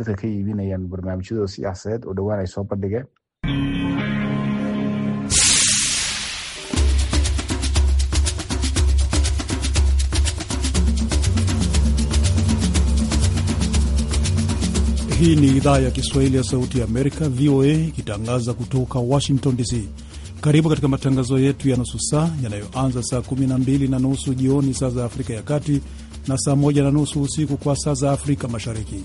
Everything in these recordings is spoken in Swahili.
dadka ka iibinayaan barnaamijyadooda siyaasadeed oo dhowaan ay soo bandhigeen Hii ni idhaa ya Kiswahili ya Sauti ya Amerika, VOA, ikitangaza kutoka Washington DC. Karibu katika matangazo yetu ya nusu saa yanayoanza saa 12 na nusu jioni saa za Afrika ya Kati na saa 1 na nusu usiku kwa saa za Afrika Mashariki.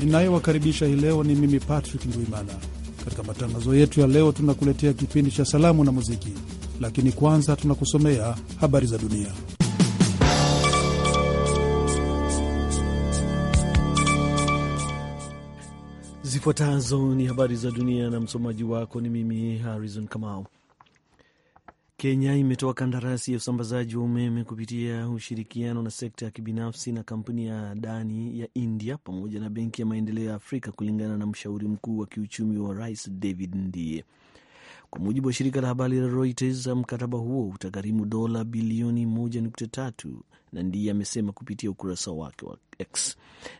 ninayowakaribisha hii leo ni mimi Patrick Ndwimana. Katika matangazo yetu ya leo, tunakuletea kipindi cha salamu na muziki, lakini kwanza tunakusomea habari za dunia. Zifuatazo ni habari za dunia na msomaji wako ni mimi Harrison Kamau. Kenya imetoa kandarasi ya usambazaji wa umeme kupitia ushirikiano na sekta ya kibinafsi na kampuni ya Adani ya India pamoja na Benki ya Maendeleo ya Afrika, kulingana na mshauri mkuu wa kiuchumi wa rais David Ndie. Kwa mujibu wa shirika la habari la Reuters, mkataba huo utagharimu dola bilioni 1.3 na Ndiye amesema kupitia ukurasa wake wa X.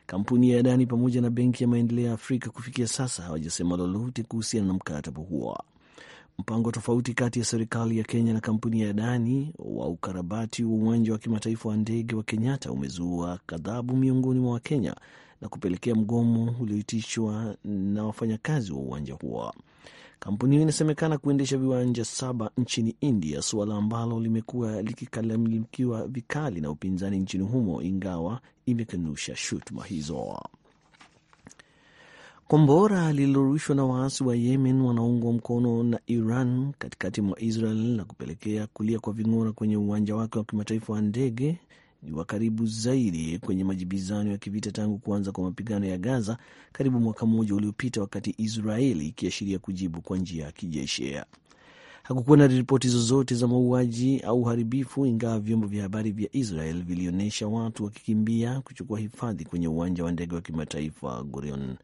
Kampuni ya Adani pamoja na Benki ya Maendeleo ya Afrika kufikia sasa hawajasema lolote kuhusiana na mkataba huo mpango tofauti kati ya serikali ya Kenya na kampuni ya Adani wa ukarabati wa uwanja wa kimataifa wa ndege wa Kenyatta umezua kadhabu miongoni mwa Wakenya na kupelekea mgomo ulioitishwa na wafanyakazi wa uwanja huo. Kampuni hiyo inasemekana kuendesha viwanja saba nchini India, suala ambalo limekuwa likikalamikiwa vikali na upinzani nchini humo, ingawa imekanusha shutuma hizo. Kombora lililorushwa na waasi wa Yemen wanaungwa mkono na Iran katikati mwa Israel na kupelekea kulia kwa ving'ora kwenye uwanja wake wa kimataifa wa ndege ni wa karibu zaidi kwenye majibizano ya kivita tangu kuanza kwa mapigano ya Gaza karibu mwaka mmoja uliopita, wakati israel ikiashiria kujibu kwa njia ya kijeshi. Hakukuwa na ripoti zozote za mauaji au uharibifu, ingawa vyombo vya habari vya Israel vilionyesha watu wakikimbia kuchukua hifadhi kwenye uwanja wa ndege wa kimataifa Gurion.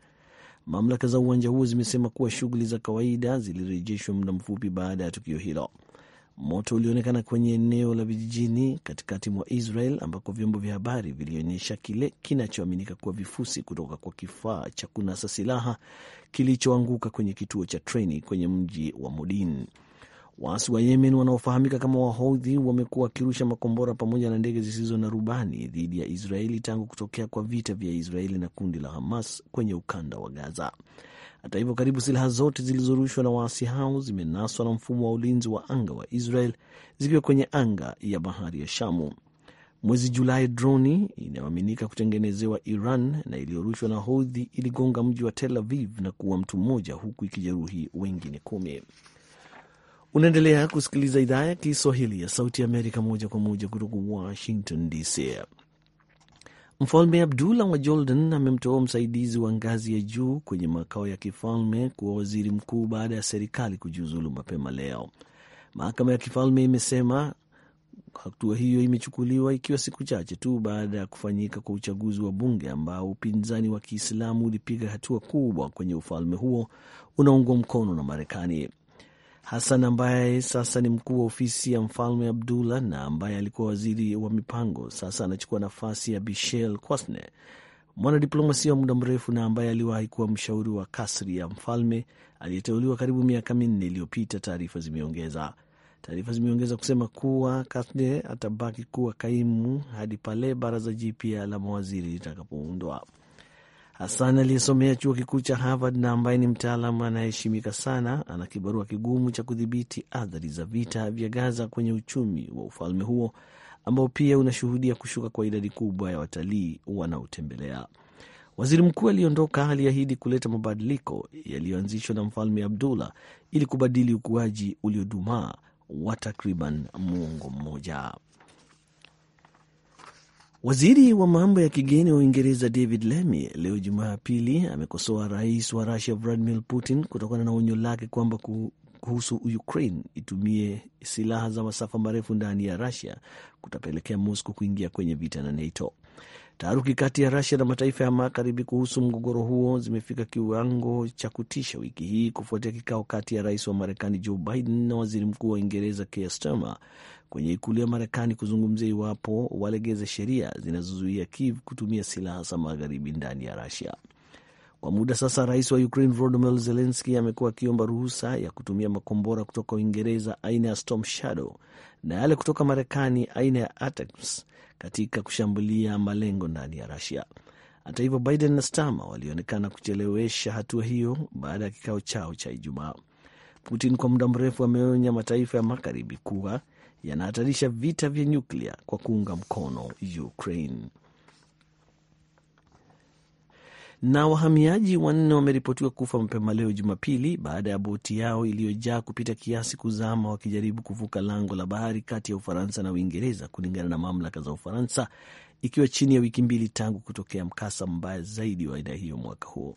Mamlaka za uwanja huo zimesema kuwa shughuli za kawaida zilirejeshwa muda mfupi baada ya tukio hilo. Moto ulionekana kwenye eneo la vijijini katikati mwa Israel ambako vyombo vya habari vilionyesha kile kinachoaminika kuwa vifusi kutoka kwa kifaa cha kunasa silaha kilichoanguka kwenye kituo cha treni kwenye mji wa Modin. Waasi wa Yemen wanaofahamika kama Wahodhi wamekuwa wakirusha makombora pamoja na ndege zisizo na rubani dhidi ya Israeli tangu kutokea kwa vita vya Israeli na kundi la Hamas kwenye ukanda wa Gaza. Hata hivyo, karibu silaha zote zilizorushwa na waasi hao zimenaswa na mfumo wa ulinzi wa anga wa Israel zikiwa kwenye anga ya bahari ya Shamu. Mwezi Julai, droni inayoaminika kutengenezewa Iran na iliyorushwa na Hodhi iligonga mji wa Tel Aviv na kuua mtu mmoja huku ikijeruhi wengine kumi. Unaendelea kusikiliza idhaa ya Kiswahili ya Sauti ya Amerika moja kwa moja kutoka Washington DC. Mfalme Abdullah wa Jordan amemtoa msaidizi wa ngazi ya juu kwenye makao ya kifalme kuwa waziri mkuu baada ya serikali kujiuzulu mapema leo. Mahakama ya kifalme imesema hatua hiyo imechukuliwa ikiwa siku chache tu baada ya kufanyika kwa uchaguzi wa bunge ambao upinzani wa Kiislamu ulipiga hatua kubwa kwenye ufalme huo unaungwa mkono na Marekani. Hassan ambaye sasa ni mkuu wa ofisi ya mfalme Abdullah na ambaye alikuwa waziri wa mipango, sasa anachukua nafasi ya Bishel Kwasne, mwanadiplomasia wa muda mrefu na ambaye aliwahi kuwa mshauri wa kasri ya mfalme aliyeteuliwa karibu miaka minne iliyopita, taarifa zimeongeza. Taarifa zimeongeza kusema kuwa Kasne atabaki kuwa kaimu hadi pale baraza jipya la mawaziri litakapoundwa. Hassan aliyesomea chuo kikuu cha Harvard na ambaye ni mtaalamu anayeheshimika sana, ana kibarua kigumu cha kudhibiti athari za vita vya Gaza kwenye uchumi wa ufalme huo ambao pia unashuhudia kushuka kwa idadi kubwa ya watalii wanaotembelea. Waziri mkuu aliyeondoka aliahidi kuleta mabadiliko yaliyoanzishwa na Mfalme Abdullah ili kubadili ukuaji uliodumaa wa takriban muongo mmoja. Waziri wa mambo ya kigeni wa Uingereza David Lammy leo Jumapili amekosoa rais wa Rusia Vladimir Putin kutokana na onyo lake kwamba kuhusu Ukraine itumie silaha za masafa marefu ndani ya rasia kutapelekea Moscow kuingia kwenye vita na NATO. Taharuki kati ya Rusia na mataifa ya magharibi kuhusu mgogoro huo zimefika kiwango cha kutisha wiki hii kufuatia kikao kati ya rais wa Marekani Joe Biden na waziri mkuu wa Uingereza Keir Starmer kwenye ikulu ya Marekani kuzungumzia iwapo walegeze sheria zinazozuia Kiev kutumia silaha za magharibi ndani ya Rusia. Kwa muda sasa, rais wa Ukraine Volodymyr Zelensky amekuwa akiomba ruhusa ya kutumia makombora kutoka Uingereza aina ya Storm Shadow na yale kutoka Marekani aina ya ATACMS katika kushambulia malengo ndani ya Rusia. Hata hivyo, Biden na Stama walionekana kuchelewesha hatua hiyo baada ya kikao chao cha Ijumaa. Putin kwa muda mrefu ameonya mataifa ya magharibi kuwa yanahatarisha vita vya nyuklia kwa kuunga mkono Ukraine na wahamiaji wanne wameripotiwa kufa mapema leo Jumapili baada ya boti yao iliyojaa kupita kiasi kuzama wakijaribu kuvuka lango la bahari kati ya Ufaransa na Uingereza, kulingana na mamlaka za Ufaransa, ikiwa chini ya wiki mbili tangu kutokea mkasa mbaya zaidi wa aina hiyo mwaka huo.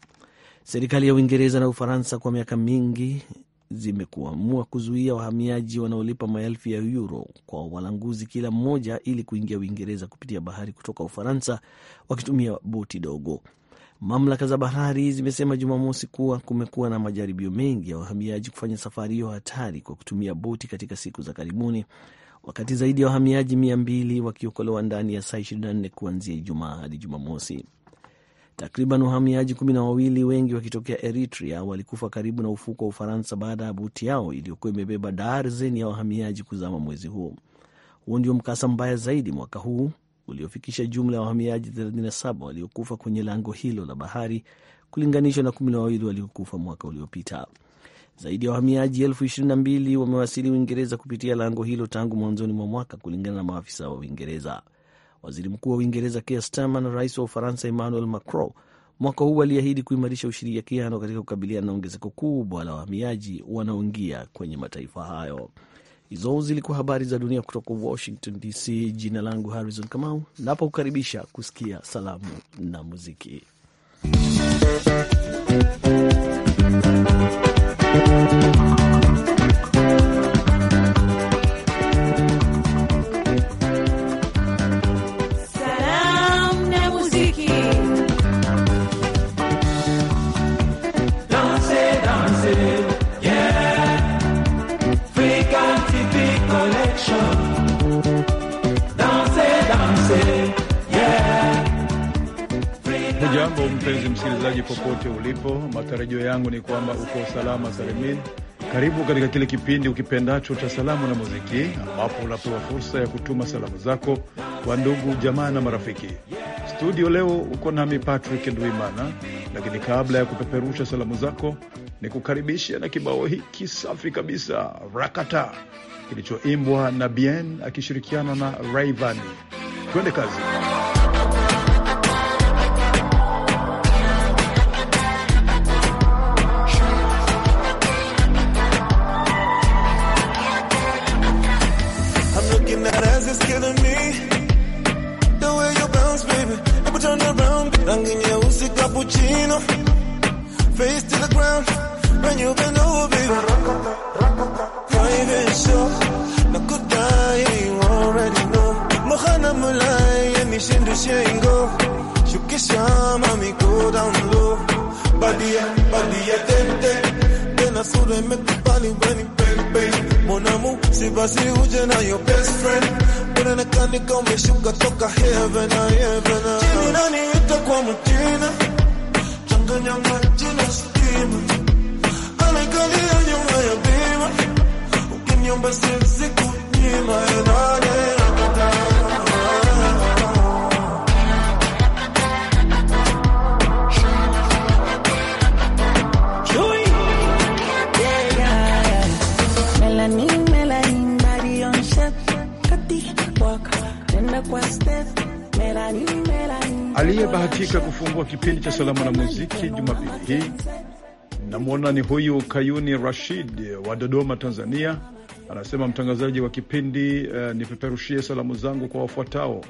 Serikali ya Uingereza na Ufaransa kwa miaka mingi zimekuamua kuzuia wahamiaji wanaolipa maelfu ya euro kwa walanguzi kila mmoja ili kuingia Uingereza kupitia bahari kutoka Ufaransa wakitumia boti dogo. Mamlaka za bahari zimesema Jumamosi kuwa kumekuwa na majaribio mengi ya wahamiaji kufanya safari hiyo hatari kwa kutumia boti katika siku za karibuni, wakati zaidi ya wahamiaji mia mbili wakiokolewa ndani ya saa 24 kuanzia Ijumaa hadi Jumamosi. Takriban wahamiaji kumi na wawili, wengi wakitokea Eritrea, walikufa karibu na ufuko wa Ufaransa baada ya boti yao iliyokuwa imebeba darzeni ya wahamiaji kuzama mwezi huo. Huo ndio mkasa mbaya zaidi mwaka huu uliofikisha jumla ya wahamiaji 37 waliokufa kwenye lango hilo la bahari kulinganishwa na kumi na wawili waliokufa mwaka uliopita. Zaidi ya wahamiaji elfu ishirini na mbili wamewasili Uingereza kupitia lango hilo tangu mwanzoni mwa mwaka, kulingana na maafisa wa Uingereza. Waziri Mkuu wa Uingereza Keir Starmer na Rais wa Ufaransa Emmanuel Macron mwaka huu aliahidi kuimarisha ushirikiano katika kukabiliana na ongezeko kubwa la wahamiaji wanaoingia kwenye mataifa hayo. Hizo zilikuwa habari za dunia kutoka Washington DC. Jina langu Harrison Kamau, napokukaribisha kusikia salamu na muziki kwamba uko salama salimini. Karibu katika kile kipindi ukipendacho cha salamu na muziki, ambapo unapewa fursa ya kutuma salamu zako kwa ndugu, jamaa na marafiki. Studio leo uko nami Patrick Ndwimana, lakini kabla ya kupeperusha salamu zako, ni kukaribisha na kibao hiki safi kabisa, Rakata, kilichoimbwa na Bien akishirikiana na Rayvanny. Twende kazi. kipindi cha salamu na muziki Jumapili hii namwona ni huyu Kayuni Rashid wa Dodoma, Tanzania. Anasema mtangazaji wa kipindi eh, nipeperushie salamu zangu kwa wafuatao: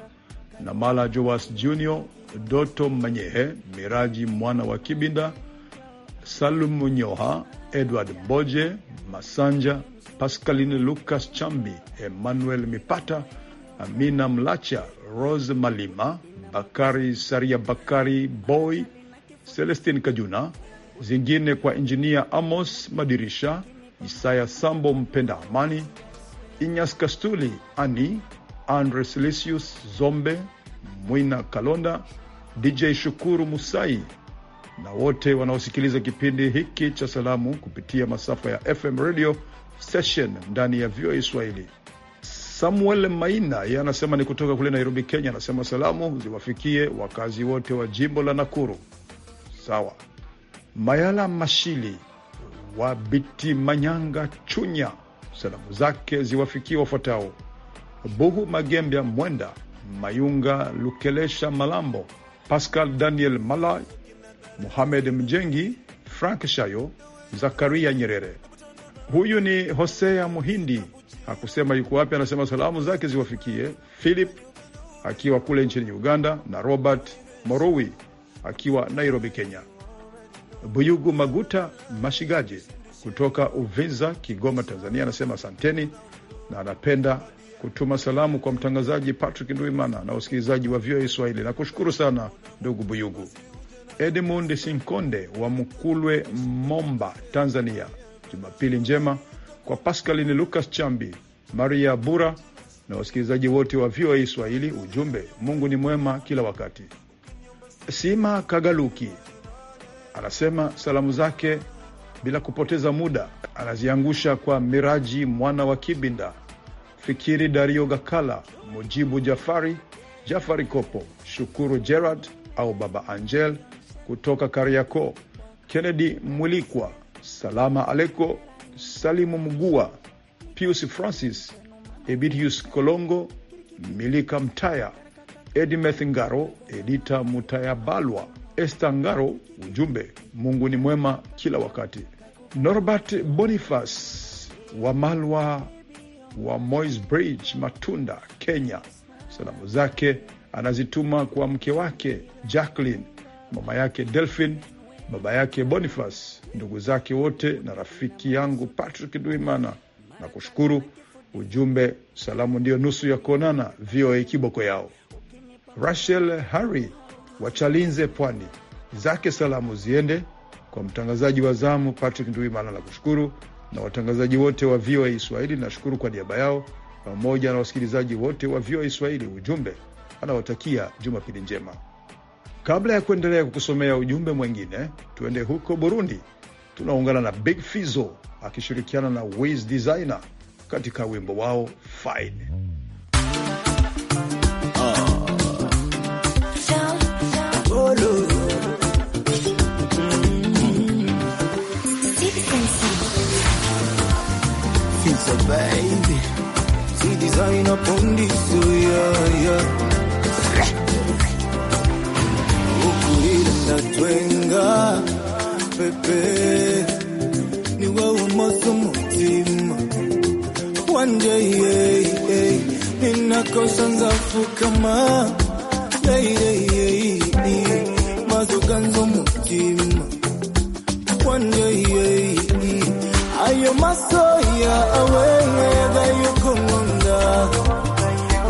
Namala Joas Junior, Doto Manyehe, Miraji mwana wa Kibinda, Salum Nyoha, Edward Boje Masanja, Pascaline Lucas Chambi, Emmanuel Mipata, Amina Mlacha, Rose Malima akari Saria, Bakari Boy, Celestin Kajuna, zingine kwa injinia Amos Madirisha, Isaya Sambo, Mpenda Amani, Inyas Kastuli, Ani Andre, Silisius Zombe, Mwina Kalonda, DJ Shukuru Musai na wote wanaosikiliza kipindi hiki cha salamu kupitia masafa ya FM radio station ndani ya VOA Swahili. Samuel Maina yeye anasema ni kutoka kule Nairobi, Kenya. Anasema salamu ziwafikie wakazi wote wa jimbo la Nakuru. Sawa. Mayala Mashili wa Biti Manyanga, Chunya, salamu zake ziwafikie wafuatao: Buhu Magembya, Mwenda Mayunga, Lukelesha Malambo, Pascal Daniel Malai, Mohamed Mjengi, Frank Shayo, Zakaria Nyerere. Huyu ni Hosea Muhindi hakusema yuko wapi, anasema salamu zake ziwafikie Philip akiwa kule nchini Uganda na Robert Morowi akiwa Nairobi, Kenya. Buyugu Maguta Mashigaje kutoka Uvinza, Kigoma, Tanzania anasema asanteni, na anapenda kutuma salamu kwa mtangazaji Patrick nduimana na wasikilizaji wa VOA Swahili. Nakushukuru sana ndugu Buyugu. Edmund Sinkonde wa Mkulwe, Momba, Tanzania, jumapili njema kwa Pascaline Lucas Chambi, Maria Bura na wasikilizaji wote wa VOA Swahili. Ujumbe, Mungu ni mwema kila wakati. Sima Kagaluki anasema salamu zake bila kupoteza muda anaziangusha kwa Miraji mwana wa Kibinda, Fikiri Dario Gakala, Mujibu Jafari, Jafari Kopo, Shukuru Gerard au Baba Angel kutoka Kariakoo, Kennedy Mwilikwa, Salama Aleko Salimu Mgua, Pius Francis, Ebitius Kolongo, Milika Mtaya, Edimeth Ngaro, Edita Mutayabalwa, Esta Ngaro. Ujumbe, Mungu ni mwema kila wakati. Norbert Bonifas wa Malwa wa mois Bridge, Matunda, Kenya, salamu zake anazituma kwa mke wake Jacqueline, mama yake Delphine baba yake Boniface, ndugu zake wote na rafiki yangu Patrick Duimana na kushukuru ujumbe. Salamu ndiyo nusu ya kuonana. VOA kiboko yao. Rachel Harry wachalinze pwani zake salamu ziende kwa mtangazaji wa zamu Patrick Nduimana na kushukuru, na watangazaji wote wa VOA Swahili nashukuru kwa niaba yao, pamoja na wasikilizaji wote wa VOA Swahili. Ujumbe anawatakia Jumapili njema. Kabla ya kuendelea kukusomea ujumbe mwengine, tuende huko Burundi. Tunaungana na Big Fizo akishirikiana na Wiz Designer katika wimbo wao Fine. nakosa nzafu kama mazoganzo mutima wandeyeyi ayo masoya aweyagayokongonda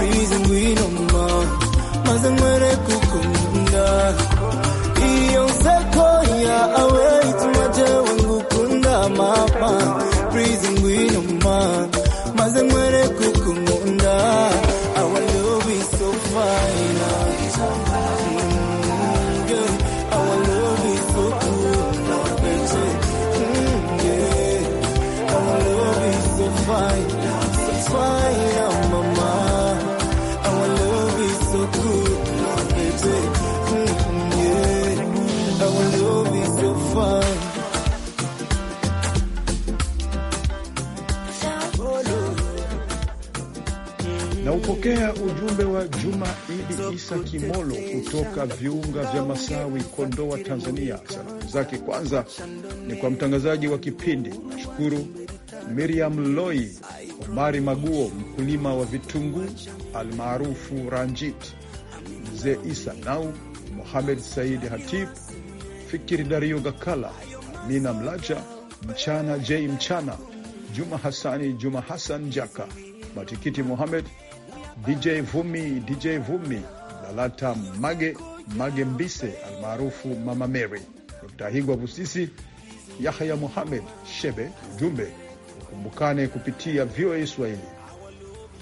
bize ngwinoma maze nkwere kukunda iyo nsekoya aweyituma jewe ngukunda mama bize ngwinoma maze nkwere kukunda Napokea ujumbe wa Juma Idi Isa Kimolo kutoka viunga vya Masawi, Kondoa, Tanzania. Salamu zake kwanza ni kwa mtangazaji wa kipindi, nashukuru Miriam Loi, Omari Maguo, mkulima wa vitunguu almaarufu Ranjit, mzee Isa Nau, Mohamed Saidi Hatib, Fikiri Dario Gakala, Amina Mlacha, Mchana J Mchana, Juma Hasani, Juma Hasan Jaka, Matikiti Mohamed DJ Vumi, DJ Vumi, Lalata Mage, Mage Mbise almaarufu Mama Mary, Dr. Higwa Busisi, Yahya Muhamed Shebe. Ujumbe ukumbukane kupitia VOA Swahili.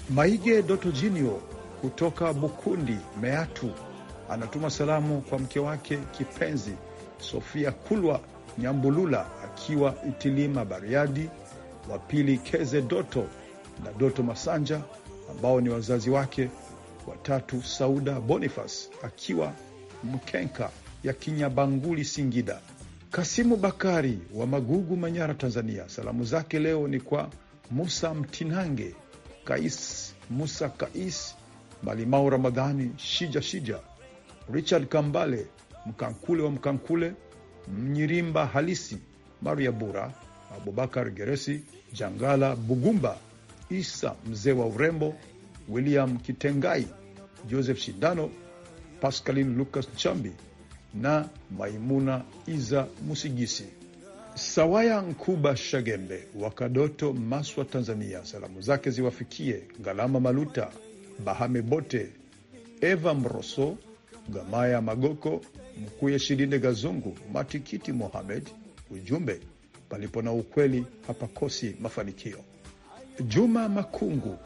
Maige Doto Jinio kutoka Bukundi Meatu anatuma salamu kwa mke wake kipenzi Sofia Kulwa Nyambulula akiwa Itilima Bariadi, wa pili Keze Doto na Doto Masanja ambao ni wazazi wake watatu, Sauda bonifas akiwa Mkenka ya Kinyabanguli, Singida. Kasimu Bakari wa Magugu, Manyara, Tanzania, salamu zake leo ni kwa Musa Mtinange, Kais Musa Kais, Malimau Ramadhani, Shija Shija, Richard Kambale, Mkankule wa Mkankule, Mnyirimba Halisi, Maria Bura, Abubakar Geresi, Jangala Bugumba, Isa mzee wa urembo, William Kitengai, Joseph Shindano, Pascaline Lucas Chambi na Maimuna Iza Musigisi. Sawaya Nkuba Shagembe wa Kadoto, Maswa, Tanzania, salamu zake ziwafikie Galama Maluta, Bahame Bote, Eva Mroso, Gamaya Magoko, Mkuye Shilinde Gazungu, Matikiti Mohamed. Ujumbe, palipo na ukweli hapakosi mafanikio. Juma Makungu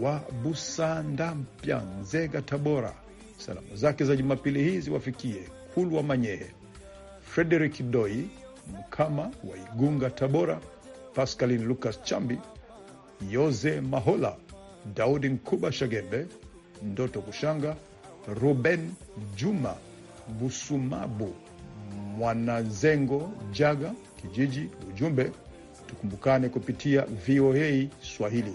wa Busandampya, Nzega, Tabora, salamu zake za Jumapili hii ziwafikie Kulwa Manyehe, Frederik Doi Mkama wa Igunga, Tabora, Pascalin Lucas Chambi, yose Mahola, Daudi Nkuba Shagembe, Ndoto Kushanga, Ruben Juma Busumabu, Mwanazengo Jaga Kijiji. Ujumbe tukumbukane kupitia VOA Swahili.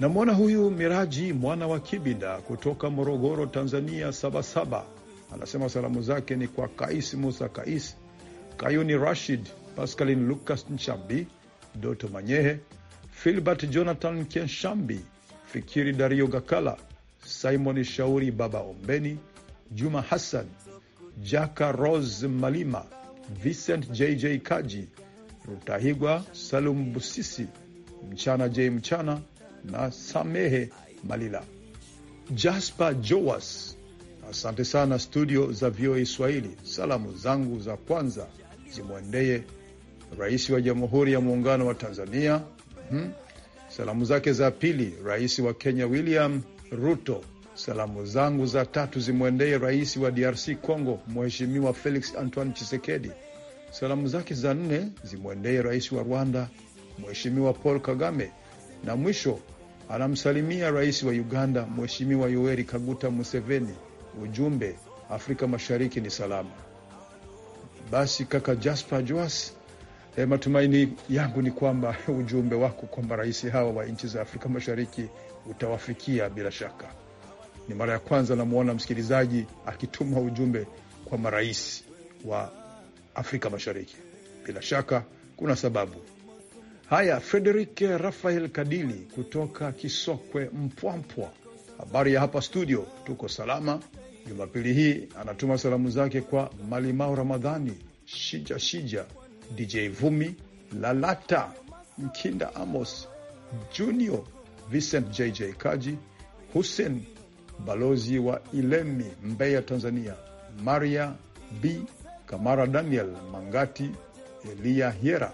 Namwona huyu Miraji mwana wa Kibinda kutoka Morogoro, Tanzania, Sabasaba, anasema salamu zake ni kwa Kais Musa Kais, Kayuni Rashid, Pascalin Lucas Nchambi, Doto Manyehe, Filbert Jonathan Kenshambi, Fikiri Dario Gakala, Simon Shauri, Baba Ombeni, Juma Hassan, Jaka Rose Malima, Vincent JJ Kaji Rutahigwa Salum Busisi, Mchana J Mchana na Samehe Malila. Jasper Joas, asante sana studio za VOA Swahili. Salamu zangu za kwanza zimwendee Rais wa Jamhuri ya Muungano wa Tanzania. Hmm. Salamu zake za pili Rais wa Kenya William Ruto. Salamu zangu za tatu zimwendee Rais wa DRC Congo Mheshimiwa Felix Antoine Chisekedi. Salamu zake za nne zimwendee rais wa Rwanda Mheshimiwa Paul Kagame, na mwisho anamsalimia rais wa Uganda Mheshimiwa Yoweri Kaguta Museveni. Ujumbe, Afrika Mashariki ni salama. Basi kaka Jasper Joas, eh, matumaini yangu ni kwamba ujumbe wako kwamba rais hawa wa nchi za Afrika Mashariki utawafikia bila shaka. Ni mara ya kwanza namwona msikilizaji akituma ujumbe kwa marais wa Afrika Mashariki. Bila shaka kuna sababu. Haya, Frederik Rafael Kadili kutoka Kisokwe, Mpwampwa, habari ya hapa studio. Tuko salama. Jumapili hii anatuma salamu zake kwa Malimao Ramadhani, Shija Shija, DJ Vumi, Lalata Mkinda, Amos Junior, Vincent JJ Kaji, Hussein balozi wa Ilemi, Mbeya, Tanzania, Maria B Kamara Daniel Mangati, Eliya Hiera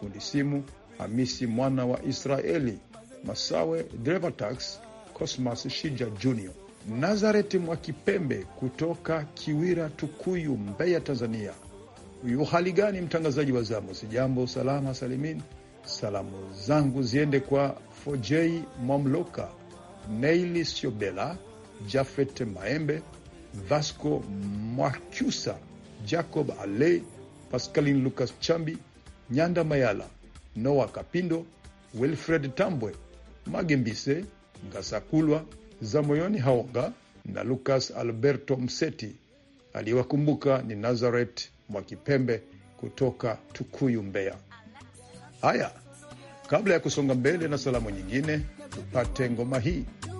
fundi simu, Hamisi mwana wa Israeli Masawe, Drevatax Cosmas Shija Jr, Nazareti Mwakipembe kutoka Kiwira, Tukuyu, Mbeya, Tanzania. hali gani mtangazaji wa zamu? Sijambo, salama salimini Salamu zangu ziende kwa Fojei Mwamloka, Neili Siobela, Jafet Maembe, Vasco Mwakyusa Jacob alei Pascaline Lucas Chambi, Nyanda Mayala, Noah Kapindo, Wilfred Tambwe, Magembise Ngasakulwa, Zamoyoni Haonga na Lucas Alberto Mseti. Aliyewakumbuka ni Nazareth Mwakipembe kutoka Tukuyu, Mbeya. Haya, kabla ya kusonga mbele na salamu nyingine, tupate ngoma hii.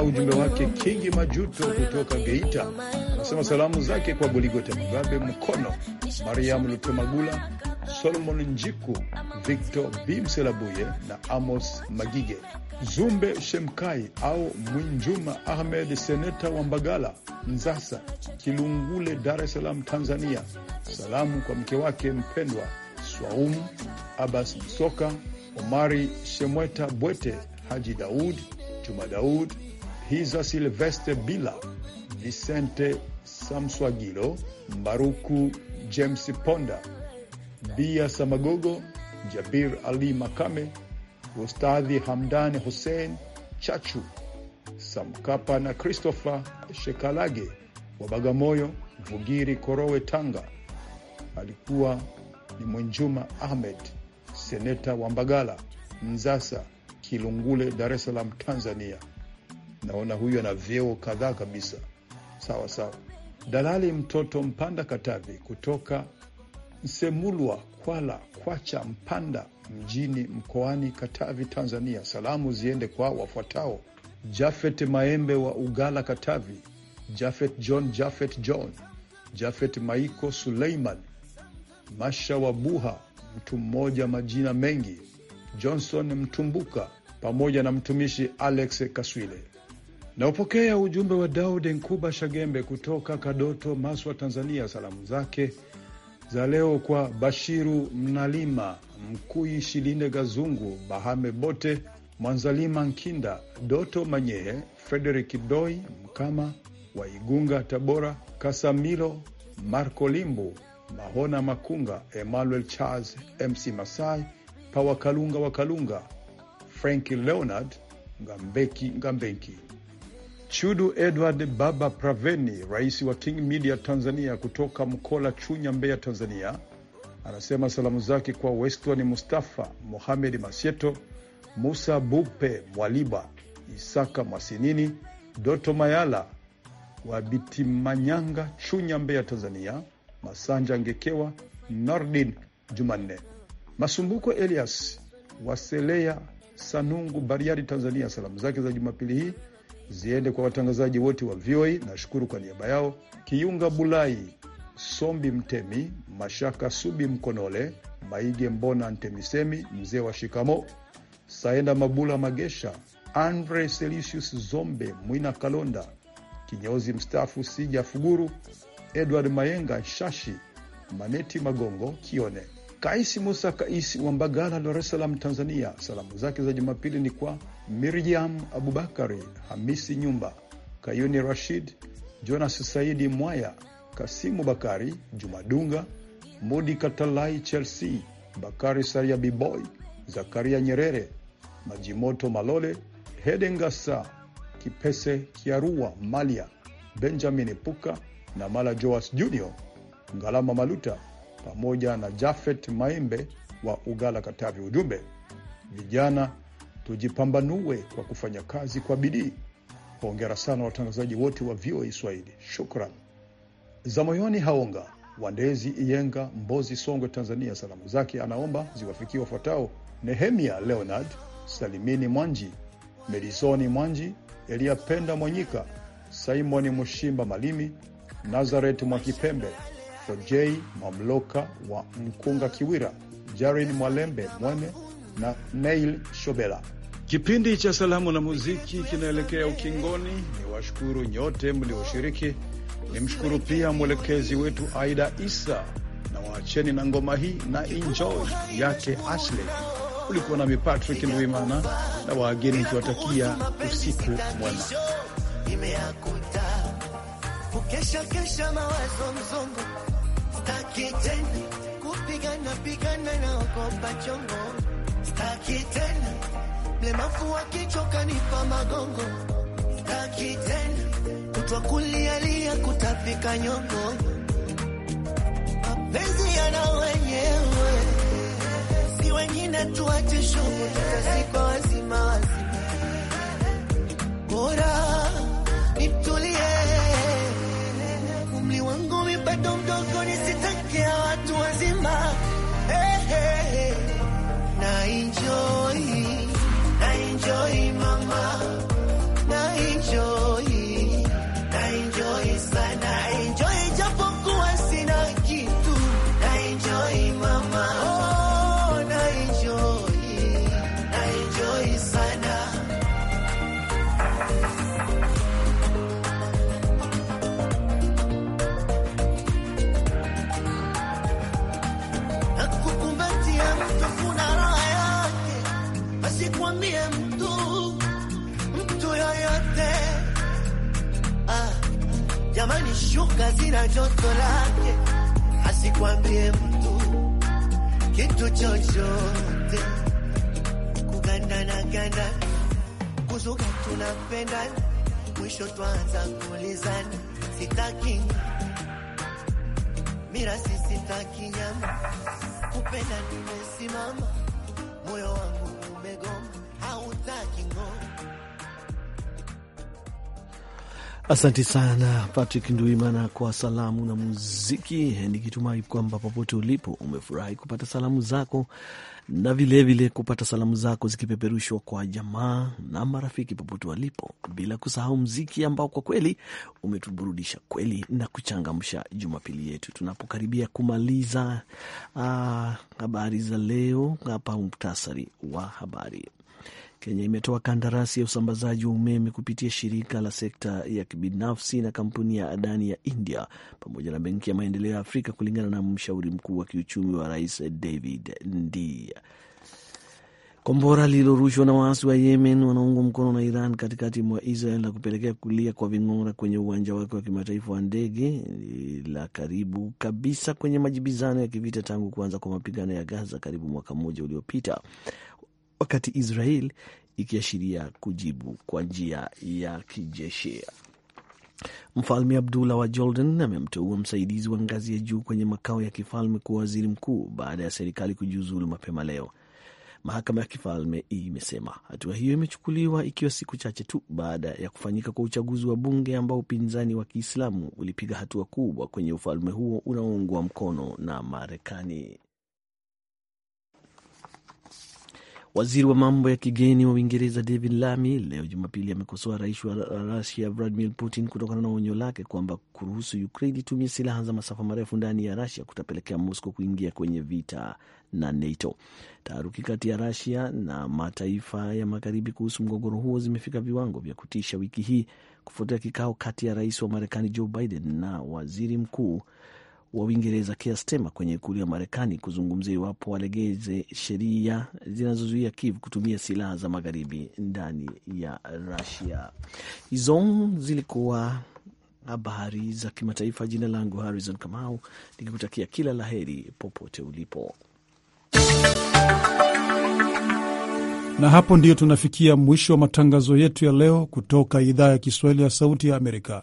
anasema ujumbe wake. Kingi Majuto kutoka Geita anasema salamu zake kwa Goligota Magabe, Mkono Mariamu Lutemagula, Solomon Njiku, Victor Bimselabuye na Amos Magige, Zumbe Shemkai au Mwinjuma Ahmed, seneta wa Mbagala, Nzasa, Kilungule, Dar es Salaam, Tanzania. Salamu kwa mke wake mpendwa Swaumu Abbas Msoka, Omari Shemweta Bwete, Haji Daud Juma Daud hiza Silvestre Bila, Vicente Samswagilo, Mbaruku James Ponda, Bia Samagogo, Jabir Ali Makame, Ustadhi Hamdani Hussein Chachu, Samkapa na Christopher Shekalage wa Bagamoyo, Vugiri Korowe, Tanga. Alikuwa ni Mwenjuma Ahmed, seneta wa Mbagala, Mzasa, Kilungule, Dar es Salaam, Tanzania naona huyu ana vyeo kadhaa kabisa. Sawa sawa. Dalali mtoto Mpanda Katavi kutoka Nsemulwa Kwala Kwacha Mpanda mjini mkoani Katavi, Tanzania. Salamu ziende kwa wafuatao: Jafet Maembe wa Ugala Katavi, Jafet John, Jafet John, Jafet Maiko Suleiman, Masha wa Buha, mtu mmoja, majina mengi, Johnson Mtumbuka, pamoja na mtumishi Alex Kaswile. Naupokea ujumbe wa Daudi Nkuba Shagembe kutoka Kadoto, Maswa, Tanzania. Salamu zake za leo kwa Bashiru Mnalima, Mkui Shilinde, Gazungu Bahame, Bote Mwanzalima, Nkinda Doto, Manyehe, Frederik Doi Mkama wa Igunga, Tabora, Kasamilo Marko Limbu, Mahona Makunga, Emmanuel Charles, MC Masai, Pawakalunga Wakalunga, Franki Leonard Ngambeki Ngambeki Chudu Edward Baba Praveni, rais wa King Media Tanzania kutoka Mkola, Chunya, Mbeya, Tanzania, anasema salamu zake kwa Weston Mustafa, Mohamed Masieto, Musa Bupe Mwaliba, Isaka Mwasinini, Doto Mayala wa Bitimanyanga, Chunya, Mbeya, Tanzania, Masanja Ngekewa, Nordin Jumanne Masumbuko, Elias Waselea Sanungu, Bariadi, Tanzania. Salamu zake za Jumapili hii ziende kwa watangazaji wote wa VOA. Nashukuru kwa niaba yao kiunga Bulai, Sombi Mtemi, Mashaka Subi Mkonole, Maige Mbona Ntemisemi, mzee wa shikamo, Saenda Mabula Magesha, Andre Selisius Zombe, Mwina Kalonda, kinyozi mstaafu Sija Fuguru, Edward Mayenga Shashi, Maneti Magongo Kione Kaisi Musa Kaisi wa Mbagala, Dar es Salaam, Tanzania, salamu zake za Jumapili ni kwa Miriam Abubakari, Hamisi Nyumba, Kayuni Rashid, Jonas Saidi Mwaya, Kasimu Bakari, Jumadunga Mudi, Katalai Chelsea, Bakari Saria, Biboy Zakaria Nyerere, Majimoto Malole, Hedengasa Kipese, Kiarua Malia, Benjamin Puka na Mala Joas Junior, Ngalama Maluta pamoja na Jafet Maembe wa Ugala, Katavi. Ujumbe: vijana tujipambanue kwa kufanya kazi kwa bidii. Hongera sana watangazaji wote wa VOA Swahili, shukran za moyoni. Haonga Wandezi Iyenga, Mbozi, Songwe, Tanzania, salamu zake anaomba ziwafikie wafuatao: Nehemia Leonard, Salimini Mwanji, Melisoni Mwanji, Eliapenda Mwanyika, Simoni Mushimba Malimi, Nazaret Mwakipembe j Mwamloka wa Mkunga Kiwira, Jarin Mwalembe Mwene na Neil Shobela. Kipindi cha salamu na muziki kinaelekea ukingoni. Ni washukuru nyote mlioshiriki, nimshukuru pia mwelekezi wetu Aida Isa na waacheni na ngoma hii na enjoy yake Ashley. Ulikuwa nami Patrick Ndwimana na wageni nikiwatakia usiku mwema. Kesha kesha mawazo mzongo Staki tena kupigana pigana na okopa chongo. Staki tena mlemavu wa nipa magongo. Staki tena kutwa kulialia kutafika nyongo. Mapenzi yana wenyewe, si wengine tuache shughuli, tutazikwa wazima wazima bora kazi na joto lake, asikwambie mtu kitu chochote. Kuganda na ganda kuzuka, tunapenda mwisho twanza kulizana. Sitaki mira sitaki nyama, kupenda nimesimama, moyo wangu umegoma, hautaki ngoma Asante sana Patrick Nduimana kwa salamu na muziki, nikitumai kwamba popote ulipo umefurahi kupata salamu zako na vilevile vile kupata salamu zako zikipeperushwa kwa jamaa na marafiki popote walipo, bila kusahau mziki ambao kwa kweli umetuburudisha kweli na kuchangamsha Jumapili yetu tunapokaribia kumaliza. Ah, habari za leo hapa, muhtasari wa habari Kenya imetoa kandarasi ya usambazaji wa umeme kupitia shirika la sekta ya kibinafsi na kampuni ya Adani ya India pamoja na Benki ya Maendeleo ya Afrika, kulingana na mshauri mkuu wa kiuchumi wa rais David Ndii. Kombora lililorushwa na waasi wa Yemen wanaungwa mkono na Iran katikati mwa Israel na kupelekea kulia kwa ving'ora kwenye uwanja wake wa kimataifa wa ndege la karibu kabisa kwenye majibizano ya kivita tangu kuanza kwa mapigano ya Gaza karibu mwaka mmoja uliopita, wakati Israel ikiashiria kujibu kwa njia ya kijeshi. Mfalme Abdullah wa Jordan amemteua msaidizi wa ngazi ya juu kwenye makao ya kifalme kuwa waziri mkuu baada ya serikali kujiuzulu mapema leo. Mahakama ya kifalme imesema hatua hiyo imechukuliwa ikiwa siku chache tu baada ya kufanyika kwa uchaguzi wa bunge ambao upinzani wa Kiislamu ulipiga hatua kubwa kwenye ufalme huo unaoungwa mkono na Marekani. Waziri wa mambo ya kigeni wa Uingereza David Lamy leo Jumapili amekosoa rais wa Rusia Vladimir Putin kutokana na onyo lake kwamba kuruhusu Ukraine itumie silaha za masafa marefu ndani ya Rusia kutapelekea Moscow kuingia kwenye vita na NATO. Taharuki kati ya Rusia na mataifa ya magharibi kuhusu mgogoro huo zimefika viwango vya kutisha wiki hii kufuatia kikao kati ya rais wa Marekani Joe Biden na waziri mkuu wa Uingereza Keir Starmer kwenye ikulu ya Marekani kuzungumzia iwapo walegeze sheria zinazozuia Kiev kutumia silaha za magharibi ndani ya Rusia. Hizo zilikuwa habari za kimataifa. Jina langu Harrison Kamau, nikikutakia kila laheri popote ulipo. Na hapo ndiyo tunafikia mwisho wa matangazo yetu ya leo kutoka idhaa ya Kiswahili ya Sauti ya Amerika.